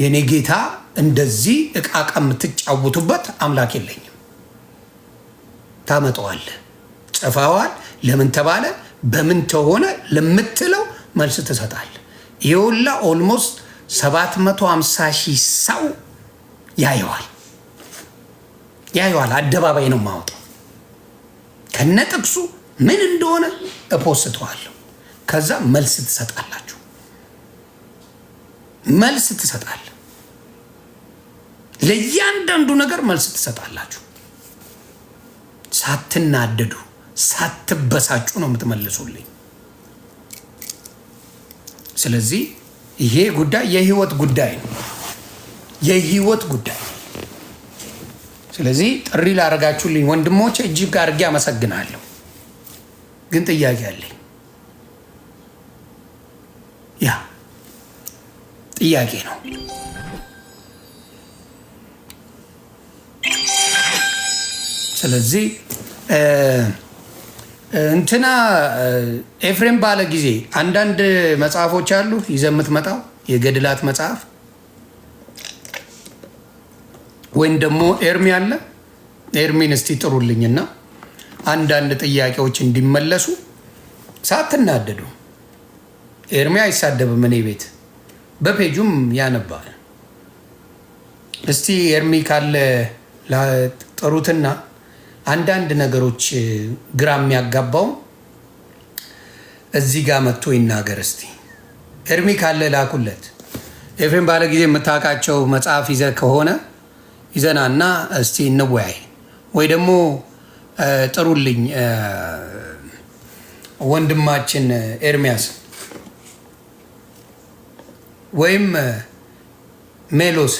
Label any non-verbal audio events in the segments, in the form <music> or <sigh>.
የኔ ጌታ እንደዚህ እቃቃ የምትጫወቱበት አምላክ የለኝም። ታመጠዋለ፣ ጽፋዋል። ለምን ተባለ በምን ተሆነ ለምትለው መልስ ትሰጣል። ይውላ ኦልሞስት 750 ሺህ ሰው ያየዋል ያየዋል። አደባባይ ነው የማወጣው ከነ ጥቅሱ ምን እንደሆነ እፖስተዋለሁ። ከዛ መልስ ትሰጣላችሁ። መልስ ትሰጣል። ለእያንዳንዱ ነገር መልስ ትሰጣላችሁ። ሳትናደዱ ሳትበሳጩ ነው የምትመልሱልኝ። ስለዚህ ይሄ ጉዳይ የህይወት ጉዳይ ነው፣ የህይወት ጉዳይ። ስለዚህ ጥሪ ላደረጋችሁልኝ ወንድሞቼ እጅግ አድርጌ አመሰግናለሁ። ግን ጥያቄ አለኝ። ጥያቄ ነው። ስለዚህ እንትና ኤፍሬም ባለ ጊዜ አንዳንድ መጽሐፎች አሉ ይዘህ የምትመጣው የገድላት መጽሐፍ ወይም ደግሞ ኤርሚ አለ። ኤርሚን እስቲ ጥሩልኝና አንዳንድ ጥያቄዎች እንዲመለሱ ሳትናደዱ። ኤርሚ አይሳደብም እኔ ቤት በፔጁም ያነባል። እስቲ ኤርሚ ካለ ጥሩትና አንዳንድ ነገሮች ግራ የሚያጋባው እዚህ ጋር መጥቶ ይናገር። እስቲ ኤርሚ ካለ ላኩለት። ኤፍሬም ባለ ጊዜ የምታውቃቸው መጽሐፍ ይዘ ከሆነ ይዘናና እስቲ እንወያይ፣ ወይ ደግሞ ጥሩልኝ ወንድማችን ኤርሚያስ ወይም ሜሎስ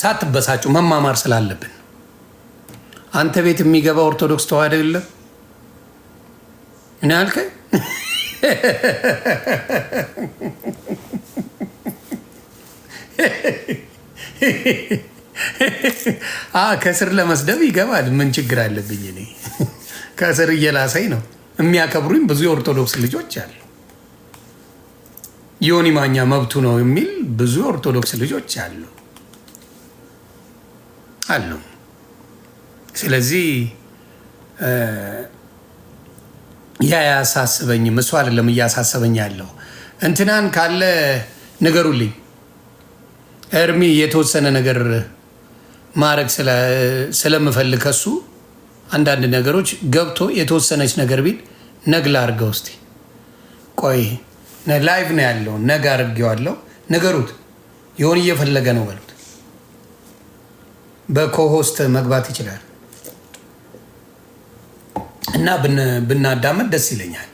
ሳትበሳጩ መማማር ስላለብን አንተ ቤት የሚገባ ኦርቶዶክስ ተዋህዶ የለም እኔ አልከኝ። ከስር ለመስደብ ይገባል። ምን ችግር አለብኝ? እኔ ከስር እየላሰኝ ነው። የሚያከብሩኝ ብዙ የኦርቶዶክስ ልጆች አሉ። ዮኒ ማኛ መብቱ ነው የሚል ብዙ ኦርቶዶክስ ልጆች አሉ አሉ። ስለዚህ ያ ያሳስበኝም እሱ አይደለም እያሳሰበኝ ያለው እንትናን ካለ ንገሩልኝ። እርሚ የተወሰነ ነገር ማድረግ ስለምፈልግ ከሱ አንዳንድ ነገሮች ገብቶ የተወሰነች ነገር ቢል ነግላ አድርገው እስኪ ቆይ ላይቭ ነው ያለው። ነገ አድርጌዋለሁ። ንገሩት የሆን እየፈለገ ነው በሉት። በኮሆስት መግባት ይችላል እና ብናዳመጥ ደስ ይለኛል።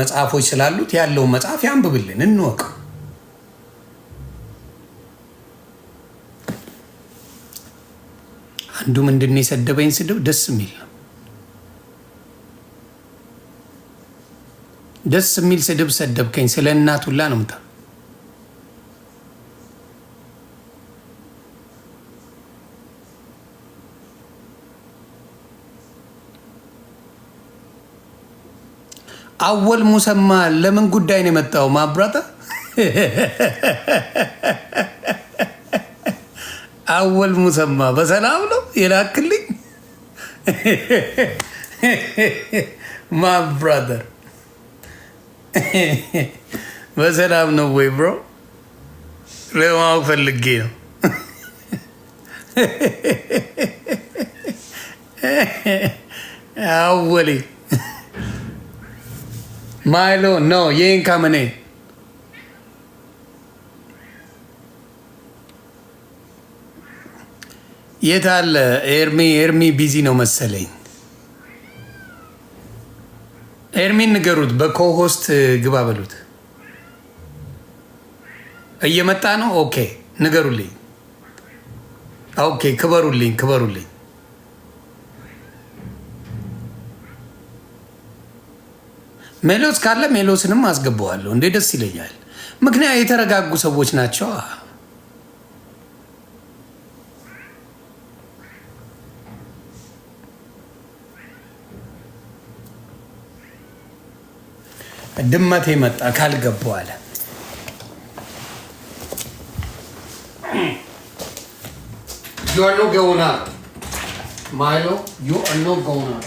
መጽሐፎች ስላሉት ያለውን መጽሐፍ ያንብብልን እንወቀው። አንዱ ምንድን የሰደበኝ ስድብ ደስ የሚል ነው። ደስ የሚል ስድብ ሰደብከኝ። ስለ እናቱላ ነው ምታ አወል ሙሰማ ለምን ጉዳይ ነው የመጣው? ማብራታ <laughs> አወል ሙሰማ በሰላም ነው የላክልኝ <laughs> ማብራተር <laughs> በሰላም ነው ወይ ብሮ? ለማወቅ ፈልጌ ነው። <laughs> አወሌ ማይሎ ኖ ይህን ከምኔ የት አለ ኤርሚ? ኤርሚ ቢዚ ነው መሰለኝ። ኤርሚን ንገሩት፣ በኮሆስት ግባ በሉት። እየመጣ ነው። ኦኬ ንገሩልኝ። ኦኬ ክበሩልኝ፣ ክበሩልኝ። ሜሎስ ካለ ሜሎስንም አስገባዋለሁ። እንዴ ደስ ይለኛል። ምክንያት የተረጋጉ ሰዎች ናቸው። ድመቴ መጣ ካልገባው አለ። ዩ አር ማይሎ ዩ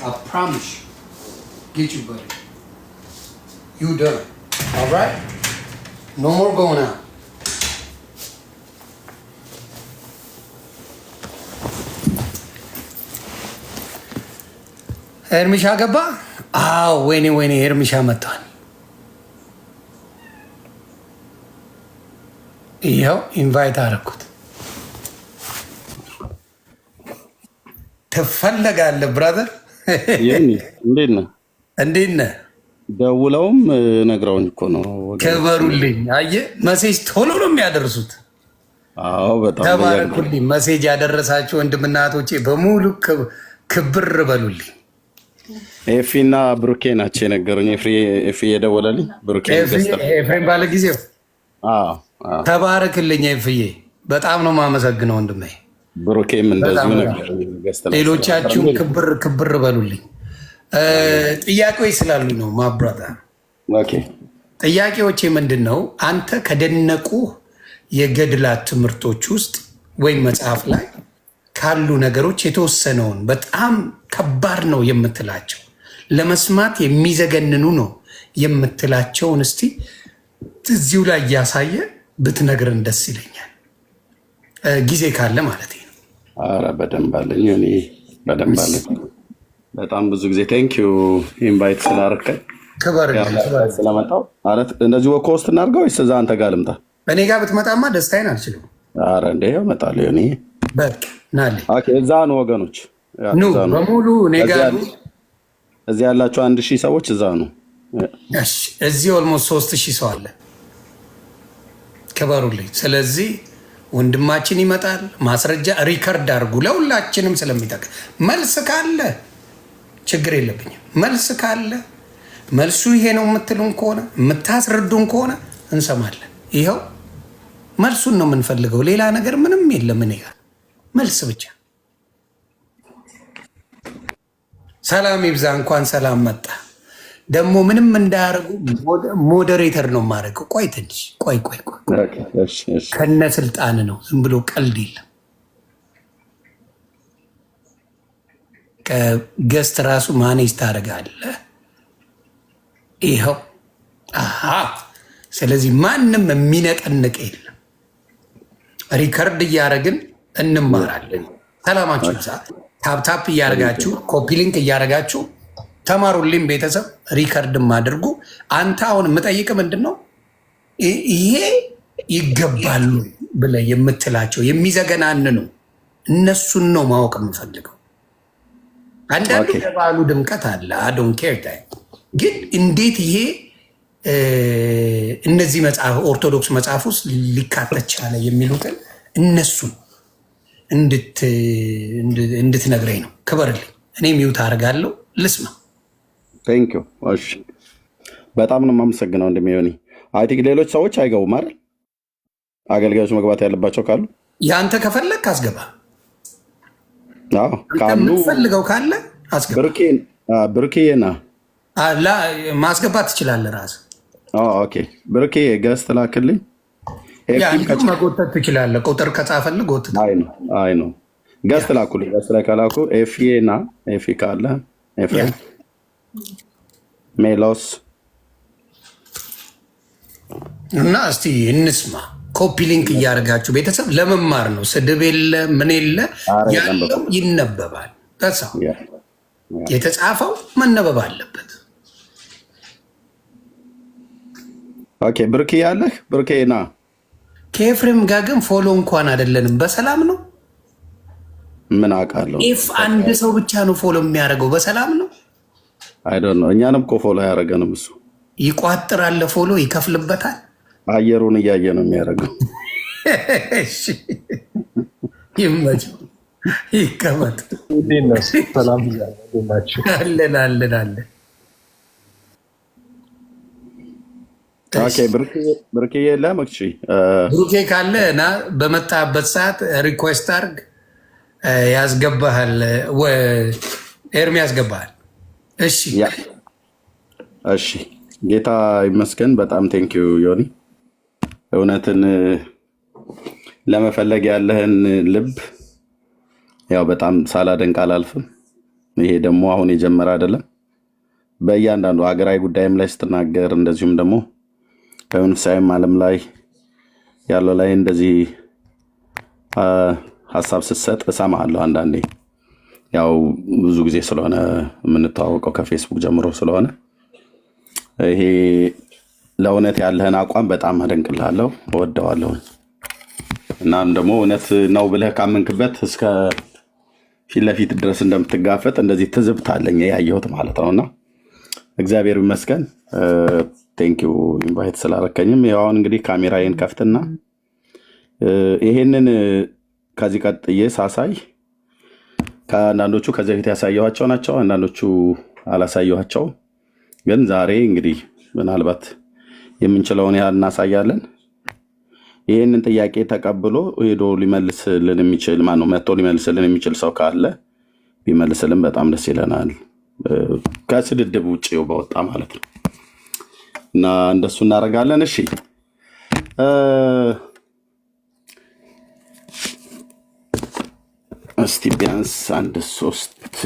አር ፕሮሚስ ጌት ዩ በሪ ዩ ደር ኦልራይት ኖ ሞር ገባ። አዎ ወይኔ ወይኔ ሄርሚሻ መጥቷል። ይኸው ኢንቫይት አደረኩት። ትፈለጋለህ ብራዘር፣ እንዴት ነህ? እንዴት ነህ? ደውለውም ነግረውኝ እኮ ነው። ክበሩልኝ። አየህ መሴጅ ቶሎ ነው የሚያደርሱት። ተባረኩልኝ። መሴጅ ያደረሳችሁ ወንድምና እህቶቼ በሙሉ ክብር በሉልኝ። ኤፊ እና ብሩኬ ናቸው የነገሩኝ። ኤፊ የደወለልኝ ብሩኬ ኤፍሬም ባለ ጊዜው ተባረክልኝ ፍዬ፣ በጣም ነው የማመሰግነው ወንድሜ። ብሩኬም እንደዚሁ ክብር ክብር በሉልኝ። ጥያቄዎች ስላሉ ነው ማብራታ። ጥያቄዎቼ ምንድን ነው? አንተ ከደነቁ የገድላት ትምህርቶች ውስጥ ወይም መጽሐፍ ላይ ካሉ ነገሮች የተወሰነውን በጣም ከባድ ነው የምትላቸው ለመስማት የሚዘገንኑ ነው የምትላቸውን እስቲ እዚሁ ላይ እያሳየ ብትነግርን ደስ ይለኛል፣ ጊዜ ካለ ማለት ነው። ኧረ በደንብ አለኝ፣ እኔ በደንብ አለኝ። በጣም ብዙ ጊዜ ቴንኪዩ ኢንቫይት ስላደረከኝ ስለመጣሁ። እንደዚሁ በኮስት እናድርገው ወይስ እዛ አንተ ጋር ልምጣ? እኔ ጋር ብትመጣማ ደስታዬን አልችልም። አረ እንደ ይኸው እመጣለሁ። በቅ በቃ እዛ ነው ወገኖች ኑ በሙሉ እኔ ጋር እዚህ ያላቸው አንድ ሺህ ሰዎች እዛ ነው። እዚህ ኦልሞስት ሶስት ሺህ ሰው አለ። ክበሩልኝ። ስለዚህ ወንድማችን ይመጣል፣ ማስረጃ ሪከርድ አድርጉ ለሁላችንም ስለሚጠቅም። መልስ ካለ ችግር የለብኝም። መልስ ካለ መልሱ ይሄ ነው የምትሉን ከሆነ የምታስረዱን ከሆነ እንሰማለን። ይኸው መልሱን ነው የምንፈልገው። ሌላ ነገር ምንም የለም። እኔ ጋር መልስ ብቻ። ሰላም ይብዛ። እንኳን ሰላም መጣ። ደግሞ ምንም እንዳያደርጉ ሞዴሬተር ነው የማደርገው። ቆይ ትንሽ ቆይ ቆይ ቆይ፣ ከነ ስልጣን ነው ዝም ብሎ ቀልድ የለም። ገስት ራሱ ማኔጅ ታደርጋለህ። ይኸው ስለዚህ ማንም የሚነቀንቅ የለም። ሪከርድ እያደረግን እንማራለን። ሰላማችሁ ይብዛ። ታፕታፕ እያደረጋችሁ ኮፒ ሊንክ እያደረጋችሁ ተማሩልኝ ቤተሰብ፣ ሪከርድም አድርጉ። አንተ አሁን የምጠይቅ ምንድን ነው ይሄ ይገባሉ ብለ የምትላቸው የሚዘገናንኑ እነሱን ነው ማወቅ የምፈልገው። አንዳንዱ የባሉ ድምቀት አለ አዶን ኬር ታይ ግን እንዴት ይሄ እነዚህ ኦርቶዶክስ መጽሐፍ ውስጥ ሊካተት ቻለ የሚሉትን እነሱን እንድትነግረኝ ነው። ክበርልኝ። እኔ ሚውት አደርጋለሁ ልስማ። ቴንክ ዩ። እሺ፣ በጣም ነው የማመሰግነው ወንድሜ ዮኒ። አይ ቲንክ ሌሎች ሰዎች አይገቡም አይደል? አገልጋዮች መግባት ያለባቸው ካሉ ያንተ ከፈለግ አስገባ፣ ፈልገው ካለ አስገባ። ብርኬና ማስገባት ትችላለህ ራስህ። ኦኬ ብርኬ ገስት ላክልኝ። መጎተት ትችላለህ። ቁጥር ከጻፈልህ ጎት አይ ነው ገስት ላኩልኝ። ገስት ላይ ካላኩ ኤፍዬ ና ኤፊ ካለ ኤፍሬም ሜሎስ እና እስቲ እንስማ። ኮፒ ሊንክ እያደረጋችሁ ቤተሰብ ለመማር ነው። ስድብ የለ ምን የለ ያለው ይነበባል። ሳ የተጻፈው መነበብ አለበት። ኦኬ ብርኬ ያለህ ብርኬ ና ከኤፍሬም ጋር ግን ፎሎ እንኳን አይደለንም። በሰላም ነው። ምን አውቃለሁ። ኤፍ አንድ ሰው ብቻ ነው ፎሎ የሚያደርገው። በሰላም ነው። አይዶን ነው። እኛንም እኮ ፎሎ አያደርገንም እሱ ይቋጥራል፣ ፎሎ ይከፍልበታል። አየሩን እያየ ነው የሚያደርገው። ይመቸው፣ ይቀመጥ። አለን አለን አለን። ብርቅዬ የለም። እሺ ብሩኬ ካለ እና በመጣበት ሰዓት ሪኩዌስት አድርግ፣ ያስገባሃል። ኤርሚ ያስገባሃል። እሺ እሺ፣ ጌታ ይመስገን። በጣም ቴንኪዩ ዮኒ፣ እውነትን ለመፈለግ ያለህን ልብ ያው በጣም ሳላደንቅ አላልፍም። ይሄ ደግሞ አሁን የጀመረ አይደለም። በእያንዳንዱ ሀገራዊ ጉዳይም ላይ ስትናገር፣ እንደዚሁም ደግሞ በመንፈሳዊም ዓለም ላይ ያለው ላይ እንደዚህ ሀሳብ ስትሰጥ እሰማሃለሁ አንዳንዴ ያው ብዙ ጊዜ ስለሆነ የምንተዋወቀው ከፌስቡክ ጀምሮ ስለሆነ ይሄ ለእውነት ያለህን አቋም በጣም አደንቅልሃለሁ፣ እወደዋለሁ። እናም ደግሞ እውነት ነው ብለህ ካመንክበት እስከ ፊት ለፊት ድረስ እንደምትጋፈጥ እንደዚህ ትዝብት አለኝ ያየሁት ማለት ነው። እና እግዚአብሔር ይመስገን። ቴንኪው ኢንቫይት ስላረከኝም። አሁን እንግዲህ ካሜራዬን ከፍትና ይሄንን ከዚህ ቀጥዬ ሳሳይ ከአንዳንዶቹ ከዚህ በፊት ያሳየኋቸው ናቸው። አንዳንዶቹ አላሳየኋቸው። ግን ዛሬ እንግዲህ ምናልባት የምንችለውን ያህል እናሳያለን። ይህንን ጥያቄ ተቀብሎ ሄዶ ሊመልስልን የሚችል ማነው? መጥቶ ሊመልስልን የሚችል ሰው ካለ ቢመልስልን በጣም ደስ ይለናል። ከስድድብ ውጭ በወጣ ማለት ነው እና እንደሱ እናደርጋለን። እሺ እስቲ ቢያንስ አንድ ሶስት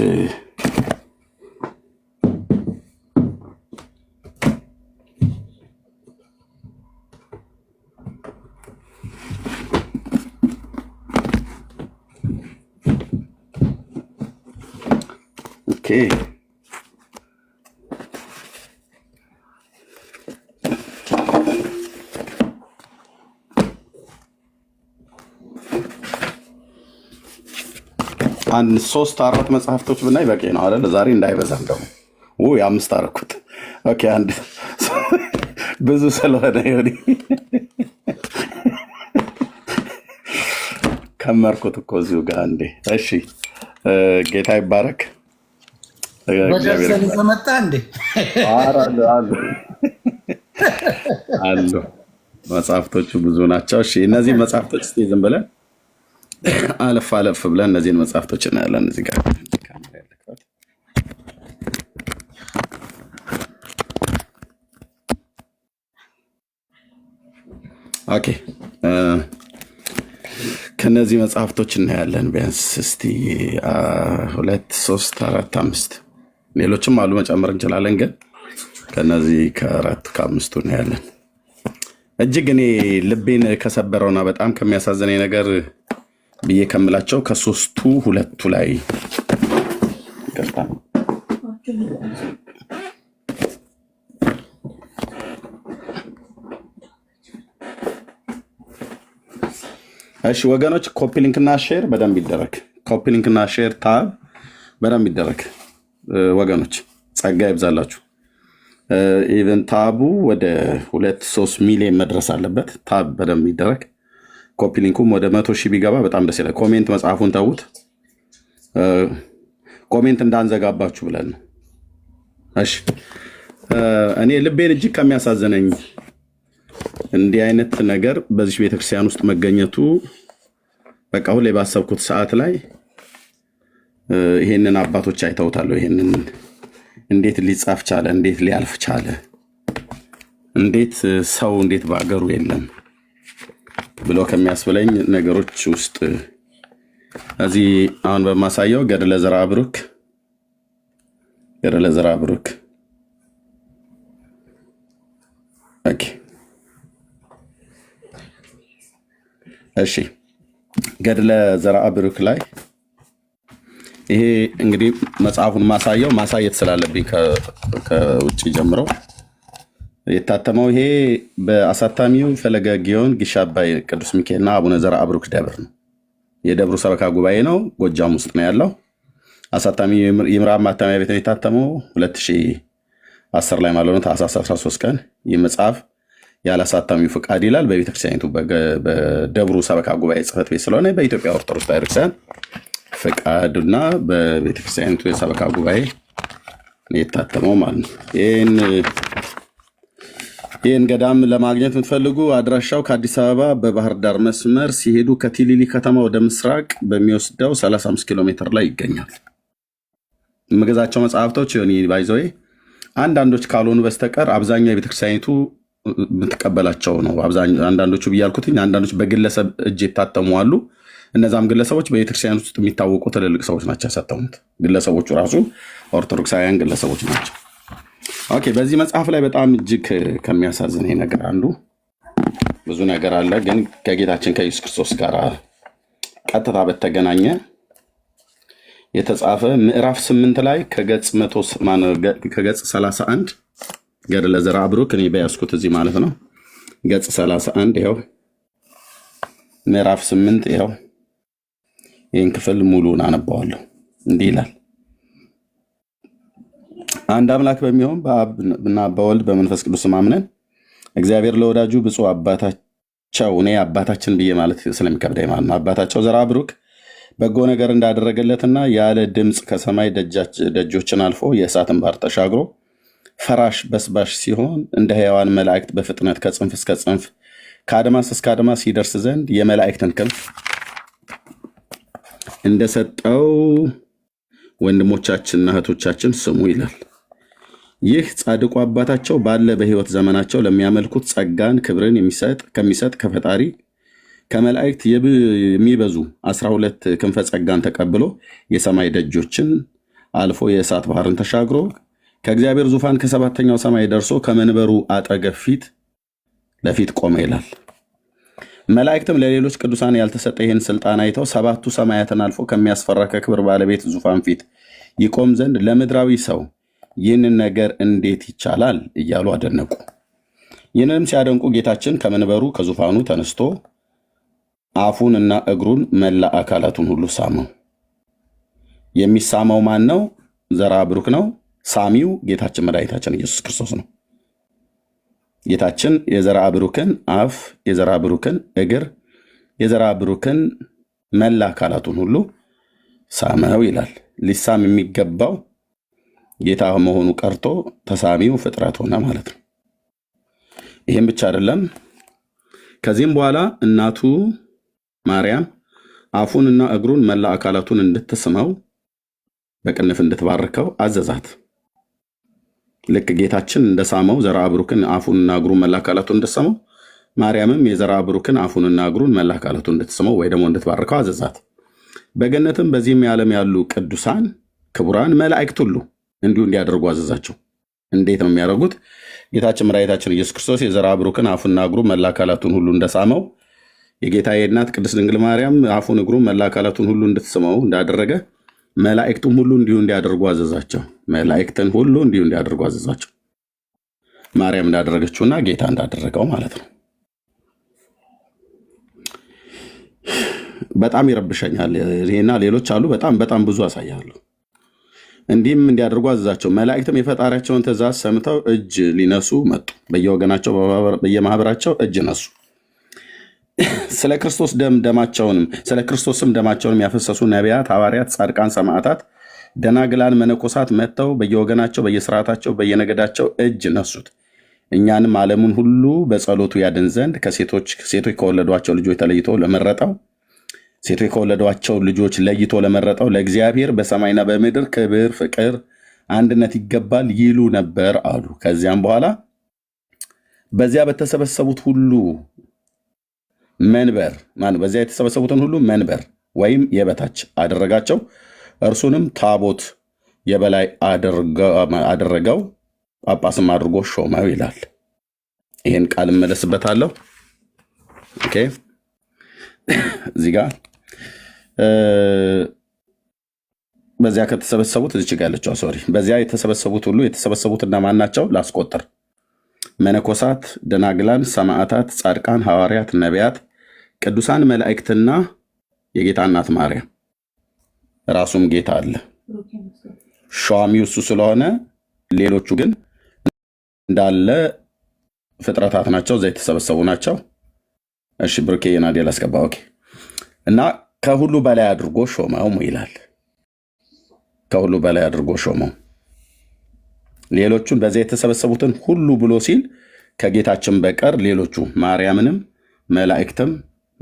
ኦኬ አንድ ሶስት አራት መጽሐፍቶች ብናይ በቂ ነው አይደል? ዛሬ እንዳይበዛም ደግሞ የአምስት አረኩት አንድ <laughs> ብዙ ስለሆነ ሆ ከመርኩት እኮ እዚሁ ጋር እንዴ። እሺ ጌታ ይባረክ። መጣ እንዴ አሉ መጽሐፍቶቹ ብዙ ናቸው። እነዚህ መጽሐፍቶች ዝም ብለን <coughs> አለፍ አለፍ ብለን እነዚህን መጽሐፍቶች እናያለን እዚህ ጋር ኦኬ ከነዚህ መጽሐፍቶች እናያለን ቢያንስ እስቲ ሁለት ሶስት አራት አምስት ሌሎችም አሉ መጨመር እንችላለን ግን ከነዚህ ከአራት ከአምስቱ እናያለን እጅግ እኔ ልቤን ከሰበረውና በጣም ከሚያሳዝነኝ ነገር ብዬ ከምላቸው ከሶስቱ ሁለቱ ላይ ይቅርታ እሺ ወገኖች ኮፒ እና ሼር በደንብ ይደረግ። ኮፒ እና ሼር ታብ በደንብ ይደረግ ወገኖች፣ ጸጋ ይብዛላችሁ። ኢቨን ታቡ ወደ ሁለት ሶስት ሚሊዮን መድረስ አለበት። ታብ በደንብ ይደረግ። ሊንኩም ወደ መቶ ሺህ ቢገባ በጣም ደስ ይላል። ኮሜንት መጽሐፉን ተዉት። ኮሜንት እንዳንዘጋባችሁ ብለን ነው። እሺ እኔ ልቤን እጅግ ከሚያሳዝነኝ እንዲህ አይነት ነገር በዚህ ቤተክርስቲያን ውስጥ መገኘቱ በቃ ሁሌ ባሰብኩት ሰዓት ላይ ይሄንን አባቶች አይተውታሉ። ይሄንን እንዴት ሊጻፍ ቻለ? እንዴት ሊያልፍ ቻለ? እንዴት ሰው እንዴት በአገሩ የለም? ብሎ ከሚያስብለኝ ነገሮች ውስጥ እዚህ አሁን በማሳየው ገድለ ዘራ ብሩክ ገድለ ዘራ ብሩክ እሺ ገድለ ዘራ ብሩክ ላይ ይሄ እንግዲህ መጽሐፉን ማሳየው ማሳየት ስላለብኝ ከውጭ ጀምረው የታተመው ይሄ በአሳታሚው ፈለገ ጊዮን ግሻ አባይ ቅዱስ ሚካኤልና አቡነ ዘራ አብሩክ ደብር ነው። የደብሩ ሰበካ ጉባኤ ነው። ጎጃም ውስጥ ነው ያለው። አሳታሚ የምዕራብ ማተሚያ ቤት ነው የታተመው 2010 ላይ ማለት ነው። ታህሳስ 13 ቀን ይህ መጽሐፍ ያለ አሳታሚው ፍቃድ ይላል። በቤተክርስቲያኒቱ በደብሩ ሰበካ ጉባኤ ጽፈት ቤት ስለሆነ በኢትዮጵያ ኦርቶዶክስ ተዋሕዶ ክርስቲያን ፍቃድና በቤተክርስቲያኒቱ የሰበካ ጉባኤ የታተመው ማለት ነው። ይህን ይህን ገዳም ለማግኘት የምትፈልጉ አድራሻው ከአዲስ አበባ በባህር ዳር መስመር ሲሄዱ ከቲሊሊ ከተማ ወደ ምስራቅ በሚወስደው 35 ኪሎ ሜትር ላይ ይገኛል። የምገዛቸው መጽሐፍቶች ሆኒ ባይዘወይ አንዳንዶች ካልሆኑ በስተቀር አብዛኛው የቤተክርስቲያኒቱ የምትቀበላቸው ነው። አንዳንዶቹ ብያልኩትኝ አንዳንዶች በግለሰብ እጅ የታተሙ አሉ። እነዛም ግለሰቦች በቤተክርስቲያን ውስጥ የሚታወቁ ትልልቅ ሰዎች ናቸው ያሳተሙት። ግለሰቦቹ ራሱ ኦርቶዶክሳውያን ግለሰቦች ናቸው። ኦኬ በዚህ መጽሐፍ ላይ በጣም እጅግ ከሚያሳዝን ይሄ ነገር አንዱ ብዙ ነገር አለ፣ ግን ከጌታችን ከኢየሱስ ክርስቶስ ጋር ቀጥታ በተገናኘ የተጻፈ ምዕራፍ ስምንት ላይ ከገጽ 31 ገድለ ዘርዓ ብሩክ እኔ በያዝኩት እዚህ ማለት ነው። ገጽ 31 ይኸው ምዕራፍ ስምንት ይኸው ይህን ክፍል ሙሉን አነባዋለሁ። እንዲህ ይላል አንድ አምላክ በሚሆን በአብና በወልድ በመንፈስ ቅዱስ ማምነን እግዚአብሔር ለወዳጁ ብፁዕ አባታቸው እኔ አባታችን ብዬ ማለት ስለሚከብደኝ ማለት ነው። አባታቸው ዘራ ብሩክ በጎ ነገር እንዳደረገለትና ያለ ድምፅ ከሰማይ ደጆችን አልፎ የእሳትን ባር ተሻግሮ ፈራሽ በስባሽ ሲሆን እንደ ሕያዋን መላእክት በፍጥነት ከጽንፍ እስከ ጽንፍ ከአድማስ እስከ አድማስ ይደርስ ዘንድ የመላእክትን ክንፍ እንደሰጠው ወንድሞቻችንና እህቶቻችን ስሙ ይላል። ይህ ጻድቁ አባታቸው ባለ በሕይወት ዘመናቸው ለሚያመልኩት ጸጋን ክብርን ከሚሰጥ ከፈጣሪ ከመላእክት የሚበዙ አስራ ሁለት ክንፈ ጸጋን ተቀብሎ የሰማይ ደጆችን አልፎ የእሳት ባህርን ተሻግሮ ከእግዚአብሔር ዙፋን ከሰባተኛው ሰማይ ደርሶ ከመንበሩ አጠገብ ፊት ለፊት ቆመ ይላል። መላእክትም ለሌሎች ቅዱሳን ያልተሰጠ ይህን ስልጣን አይተው ሰባቱ ሰማያትን አልፎ ከሚያስፈራ ከክብር ባለቤት ዙፋን ፊት ይቆም ዘንድ ለምድራዊ ሰው ይህንን ነገር እንዴት ይቻላል እያሉ አደነቁ። ይህንንም ሲያደንቁ ጌታችን ከመንበሩ ከዙፋኑ ተነስቶ አፉን እና እግሩን መላ አካላቱን ሁሉ ሳመው። የሚሳመው ማን ነው? ዘራ ብሩክ ነው። ሳሚው ጌታችን መድኃኒታችን ኢየሱስ ክርስቶስ ነው። ጌታችን የዘራ ብሩክን አፍ፣ የዘራ ብሩክን እግር፣ የዘራ ብሩክን መላ አካላቱን ሁሉ ሳመው ይላል። ሊሳም የሚገባው ጌታ መሆኑ ቀርቶ ተሳሚው ፍጥረት ሆነ ማለት ነው። ይህም ብቻ አይደለም። ከዚህም በኋላ እናቱ ማርያም አፉንና እግሩን መላ አካላቱን እንድትስመው በቅንፍ እንድትባርከው አዘዛት። ልክ ጌታችን እንደሳመው ዘራ ብሩክን አፉንና እግሩን መላ አካላቱ ማርያምም የዘራ ብሩክን አፉንና እግሩን መላ አካላቱ እንደተሰማው ወይ ደግሞ እንድትባርከው አዘዛት። በገነትም በዚህም የዓለም ያሉ ቅዱሳን ክቡራን መላእክት ሁሉ እንዲሁ እንዲያደርጉ አዘዛቸው። እንዴት ነው የሚያደርጉት? ጌታችን መድኃኒታችን ኢየሱስ ክርስቶስ የዘራ ብሩክን አፉንና እግሩን መላ አካላቱን ሁሉ እንደሳመው የጌታዬ እናት ቅድስት ድንግል ማርያም አፉን እግሩን መላ አካላቱን ሁሉ እንድትስመው እንዳደረገ መላእክቱም ሁሉ እንዲሁ እንዲያደርጉ አዘዛቸው። መላእክትን ሁሉ እንዲሁ እንዲያደርጉ አዘዛቸው። ማርያም እንዳደረገችውና ጌታ እንዳደረገው ማለት ነው። በጣም ይረብሸኛል። ይሄና ሌሎች አሉ። በጣም በጣም ብዙ ያሳያሉ። እንዲህም እንዲያደርጉ አዘዛቸው። መላእክትም የፈጣሪያቸውን ትእዛዝ ሰምተው እጅ ሊነሱ መጡ። በየወገናቸው በየማህበራቸው እጅ ነሱ። ስለ ክርስቶስ ደም ደማቸውንም ስለ ክርስቶስም ደማቸውንም ያፈሰሱ ነቢያት፣ ሐዋርያት፣ ጻድቃን፣ ሰማዕታት፣ ደናግላን፣ መነኮሳት መጥተው በየወገናቸው በየስርዓታቸው በየነገዳቸው እጅ ነሱት። እኛንም ዓለሙን ሁሉ በጸሎቱ ያድን ዘንድ ከሴቶች ሴቶች ከወለዷቸው ልጆች ተለይቶ ለመረጠው ሴቶች ከወለዷቸው ልጆች ለይቶ ለመረጠው ለእግዚአብሔር በሰማይና በምድር ክብር፣ ፍቅር፣ አንድነት ይገባል ይሉ ነበር አሉ። ከዚያም በኋላ በዚያ በተሰበሰቡት ሁሉ መንበር ማን በዚያ የተሰበሰቡትን ሁሉ መንበር ወይም የበታች አደረጋቸው፣ እርሱንም ታቦት የበላይ አደረገው፣ ጳጳስም አድርጎ ሾመው ይላል። ይህን ቃል እመለስበታለሁ። ኦኬ እዚህ ጋር በዚያ ከተሰበሰቡት እዚች ጋ ያለችው ሶሪ፣ በዚያ የተሰበሰቡት ሁሉ የተሰበሰቡት ማን ናቸው? ላስቆጥር መነኮሳት፣ ደናግላን፣ ሰማዕታት፣ ጻድቃን፣ ሐዋርያት፣ ነቢያት፣ ቅዱሳን መላእክትና የጌታ እናት ማርያም ራሱም ጌታ አለ። ሸዋሚው እሱ ስለሆነ ሌሎቹ ግን እንዳለ ፍጥረታት ናቸው፣ እዛ የተሰበሰቡ ናቸው። እሺ ብርኬ ናዴል አስገባ። ኦኬ። እና ከሁሉ በላይ አድርጎ ሾመውም ይላል። ከሁሉ በላይ አድርጎ ሾመው ሌሎቹን በዚያ የተሰበሰቡትን ሁሉ ብሎ ሲል ከጌታችን በቀር ሌሎቹ ማርያምንም፣ መላእክትም፣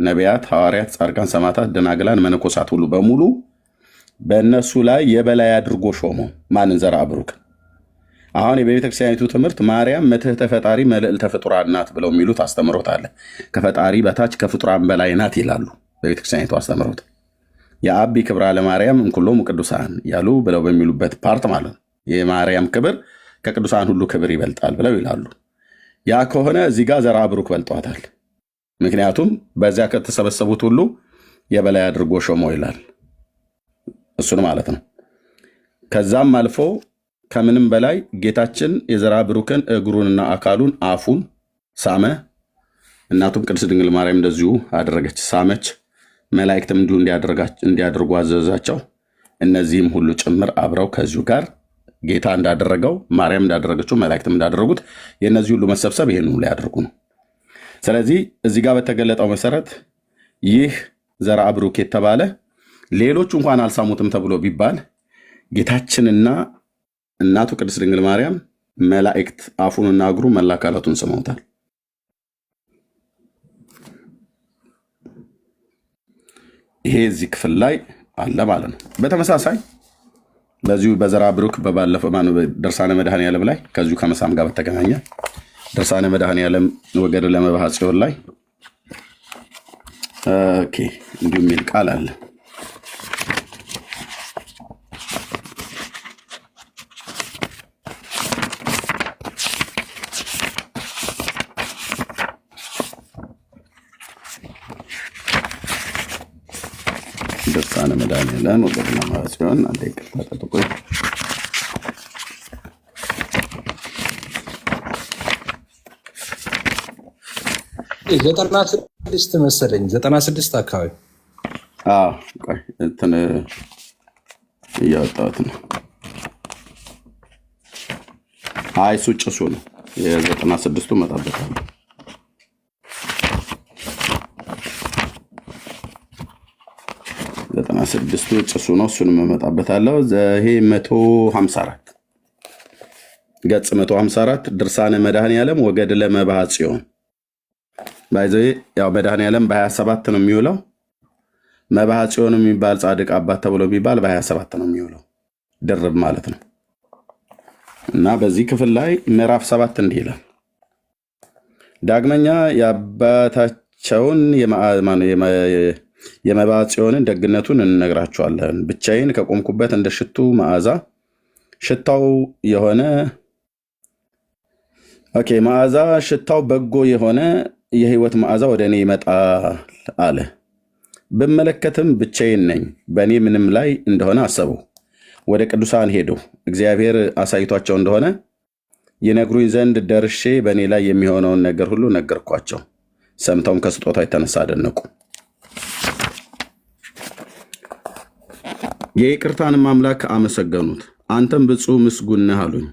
ነቢያት፣ ሐዋርያት፣ ጻድቃን፣ ሰማዕታት፣ ደናግላን፣ መነኮሳት ሁሉ በሙሉ በእነሱ ላይ የበላይ አድርጎ ሾሞ ማንን? ዘርአ ብሩክ። አሁን የቤተክርስቲያኒቱ ትምህርት ማርያም መትሕተ ፈጣሪ መልዕልተ ፍጡራን ናት ብለው የሚሉት አስተምሮት አለ። ከፈጣሪ በታች ከፍጡራን በላይ ናት ይላሉ በቤተክርስቲያኒቱ አስተምሮት። የአቢ ክብር ለማርያም እንኩሎም ቅዱሳን ያሉ ብለው በሚሉበት ፓርት ማለት ነው የማርያም ክብር ከቅዱሳን ሁሉ ክብር ይበልጣል ብለው ይላሉ። ያ ከሆነ እዚህ ጋር ዘራ ብሩክ በልጧታል። ምክንያቱም በዚያ ከተሰበሰቡት ሁሉ የበላይ አድርጎ ሾሞ ይላል። እሱን ማለት ነው። ከዛም አልፎ ከምንም በላይ ጌታችን የዘራ ብሩክን እግሩንና አካሉን አፉን ሳመ። እናቱም ቅድስት ድንግል ማርያም እንደዚሁ አደረገች፣ ሳመች። መላእክትም እንዲሁ እንዲያደርጉ አዘዛቸው። እነዚህም ሁሉ ጭምር አብረው ከዚሁ ጋር ጌታ እንዳደረገው ማርያም እንዳደረገችው መላእክትም እንዳደረጉት የእነዚህ ሁሉ መሰብሰብ ይህን ሁሉ ያደርጉ ነው። ስለዚህ እዚህ ጋር በተገለጠው መሰረት ይህ ዘርአ ብሩክ የተባለ ሌሎቹ እንኳን አልሳሙትም ተብሎ ቢባል ጌታችንና እናቱ ቅድስት ድንግል ማርያም መላእክት አፉንና እግሩ መላ አካላቱን ስመውታል። ይሄ እዚህ ክፍል ላይ አለ ማለት ነው። በተመሳሳይ በዚሁ በዘራ ብሩክ በባለፈው ደርሳነ መድኃኔ ዓለም ላይ ከዚሁ ከመሳም ጋር በተገናኘ ደርሳነ መድኃኔ ዓለም ወገድ ለመባሃ ጽዮን ላይ ኦኬ እንዲሁ የሚል ቃል አለ። እንችላለን። ወደ ናማራ ሲሆን አንድ ይቅርታ ጠብቆ ዘጠና ስድስት መሰለኝ ዘጠና ስድስት አካባቢ እንትን እያወጣሁት ነው። አይ እሱ ጭሱ ነው። የዘጠና ስድስቱ መጣበታል ስድስቱ ጭሱ ነው። እሱንም እመጣበታለሁ። ይሄ መቶ ሀምሳ አራት ገጽ መቶ ሀምሳ አራት ድርሳነ ወገድ ለመባህ ጽዮን ባይዘ ያው መድኃኔዓለም በ27 ነው የሚውለው። መባህ ጽዮን የሚባል ጻድቅ አባት ተብሎ የሚባል በ27 ነው የሚውለው ድርብ ማለት ነው። እና በዚህ ክፍል ላይ ምዕራፍ ሰባት እንዲህ ይላል። ዳግመኛ የአባታቸውን የመባ ጽዮንን ደግነቱን እንነግራቸዋለን። ብቻዬን ከቆምኩበት እንደ ሽቱ መዓዛ ሽታው የሆነ ኦኬ መዓዛ ሽታው በጎ የሆነ የህይወት መዓዛ ወደ እኔ ይመጣል አለ። ብመለከትም ብቻዬን ነኝ። በእኔ ምንም ላይ እንደሆነ አሰቡ። ወደ ቅዱሳን ሄዱ። እግዚአብሔር አሳይቷቸው እንደሆነ ይነግሩኝ ዘንድ ደርሼ በእኔ ላይ የሚሆነውን ነገር ሁሉ ነገርኳቸው። ሰምተውም ከስጦታ የተነሳ አደነቁ። የይቅርታንም አምላክ አመሰገኑት። አንተም ብፁዕ ምስጉን ነህ አሉኝ።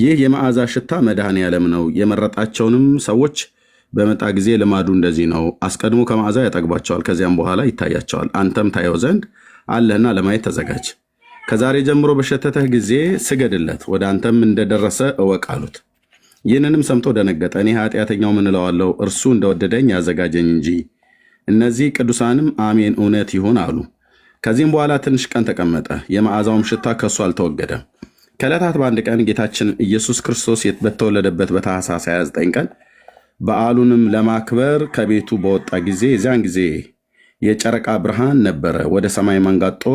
ይህ የመዓዛ ሽታ መድኃኔ ዓለም ነው። የመረጣቸውንም ሰዎች በመጣ ጊዜ ልማዱ እንደዚህ ነው። አስቀድሞ ከመዓዛ ያጠግባቸዋል፣ ከዚያም በኋላ ይታያቸዋል። አንተም ታየው ዘንድ አለህና ለማየት ተዘጋጅ። ከዛሬ ጀምሮ በሸተተህ ጊዜ ስገድለት፣ ወደ አንተም እንደደረሰ እወቅ አሉት። ይህንንም ሰምቶ ደነገጠ። እኔ ኃጢአተኛው ምን እለዋለሁ? እርሱ እንደወደደኝ ያዘጋጀኝ እንጂ። እነዚህ ቅዱሳንም አሜን እውነት ይሁን አሉ። ከዚህም በኋላ ትንሽ ቀን ተቀመጠ፣ የመዓዛውም ሽታ ከእሱ አልተወገደም። ከዕለታት በአንድ ቀን ጌታችን ኢየሱስ ክርስቶስ በተወለደበት በታኅሳስ 29 ቀን በዓሉንም ለማክበር ከቤቱ በወጣ ጊዜ የዚያን ጊዜ የጨረቃ ብርሃን ነበረ ወደ ሰማይ መንጋጦ